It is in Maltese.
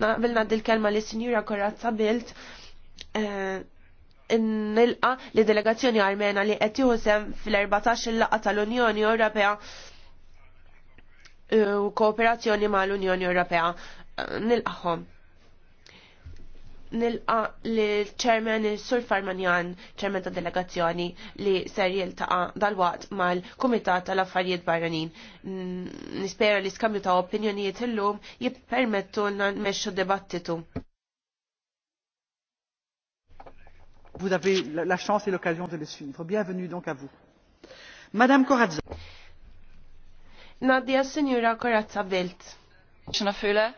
Naqbilna dil-kelma li sinjura Korazza Bilt eh, nilqa li delegazzjoni armena li qed sem fil-14 il-laqa tal-Unjoni Ewropea eh, u kooperazzjoni mal-Unjoni Ewropea eh, nilqahom nilqa l-ċermen Sur Farmanjan, ċermen ta' delegazzjoni li ser jiltaqa dal-waqt mal-Kumitat tal-Affarijiet Barranin. Nispera li skambju ta' opinjonijiet illum jippermettu lna nmexxu dibattitu. Vous avez la chance et l'occasion de le suivre. Bienvenue donc à vous. Madame Corazza. Nadia Signora Corazza Belt. Xnafile.